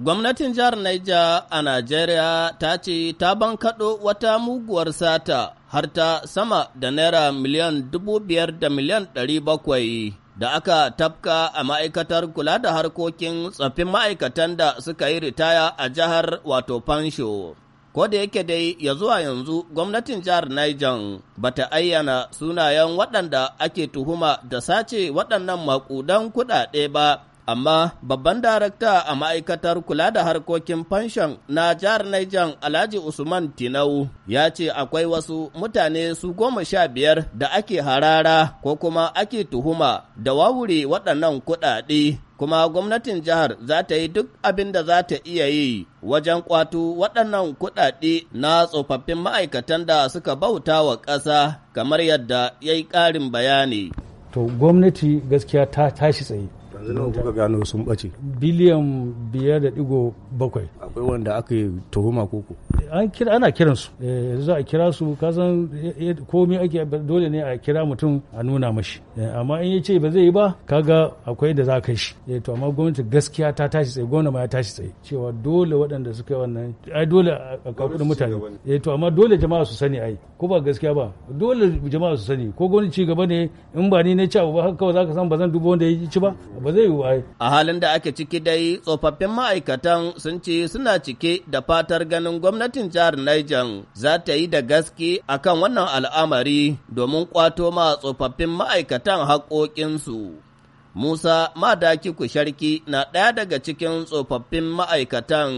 Gwamnatin jihar Niger a Najeriya ta ce ta bankaɗo wata muguwar sata har ta sama da naira miliyan dubu biyar da miliyan ɗari bakwai da aka tafka a ma'aikatar kula da harkokin tsaffin ma'aikatan da suka yi ritaya a jihar wato fansho. ko da yake dai ya zuwa yanzu gwamnatin jihar Niger ta ayyana sunayen waɗanda ake tuhuma da sace waɗannan maƙudan kuɗaɗe ba amma babban darakta a ma'aikatar kula da harkokin fanshon na jihar Niger Alhaji Usman Tinau ya ce akwai wasu mutane su goma sha biyar da ake harara ko kuma ake tuhuma da wawure waɗannan kuɗaɗe kuma gwamnatin jihar za ta yi duk abin da za ta iya yi wajen kwato waɗannan kuɗaɗe na tsofaffin ma'aikatan da suka bauta wa ƙasa kamar yadda ya yi ƙarin bayani. To gwamnati gaskiya ta tashi tsaye yanzu nawa kuka gano sun bace biliyan biyar da digo bakwai akwai wanda aka yi tuhuma koko an kira ana kiran su eh, za a kira su ka san eh, eh, komai ake dole ne a kira mutum a nuna mashi amma in ya ce ba zai yi ba kaga akwai da za ka shi to amma gwamnati gaskiya ta tashi tsaye gwamnati ma ya tashi tsaye cewa dole waɗanda suka yi wannan ai dole a kakuri mutane eh to amma dole jama'a su sani ai ko ba gaskiya ba dole jama'a su sani ko gwamnati ci gaba ne in ba ni na ci ba haka kawai zaka san ba zan dubo wanda ya ci ba ba zai yi ba a halin da ake ciki dai tsofaffin ma'aikatan sun ce suna cike da fatar ganin gwamnati gwamnatin jihar Niger za ta yi da gaske a kan wannan al'amari domin kwato ma tsofaffin ma'aikatan haƙoƙinsu. Musa Madaki sharki na ɗaya daga cikin tsofaffin ma'aikatan.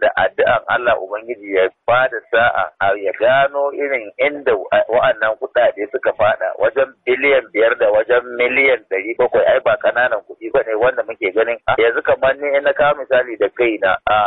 Da addu'an Allah Ubangiji ya bada sa'a a ya gano irin inda wa'annan kuɗaɗe suka fada wajen biliyan biyar da wajen miliyan ɗari bakwai ai ba ƙananan kuɗi ba ne wanda muke ganin yanzu kamar ni na kawo misali da kaina a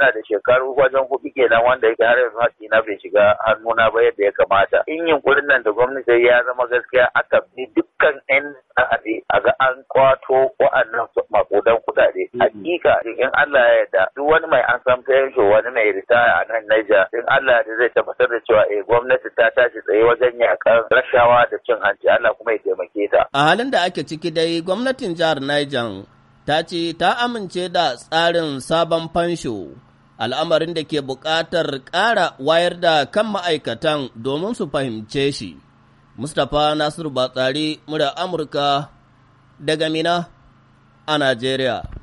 Yana da shekaru wajen kuɗi kenan wanda yake har yanzu haƙƙi na bai shiga hannuna ba yadda ya kamata in yunkurin nan da gwamnati ya zama gaskiya aka bi dukkan 'yan tsari a ga an kwato wa'annan maƙudan kuɗaɗe mm-hmm. hakika in Allah ya yarda duk wani mai an san fahimta wani mai ritaya a nan na'ija, in Allah ya zai tabbatar da cewa eh gwamnati ta tashi tsaye wajen yakan rashawa da cin hanci Allah kuma ya taimake ta a halin da ake ciki dai gwamnatin jihar Niger ta ce ta amince da tsarin sabon fansho al'amarin da ke buƙatar ƙara wayar da kan ma'aikatan domin su fahimce shi. Mustapha Nasiru Batsari, murya Amurka, daga Mina a Najeriya.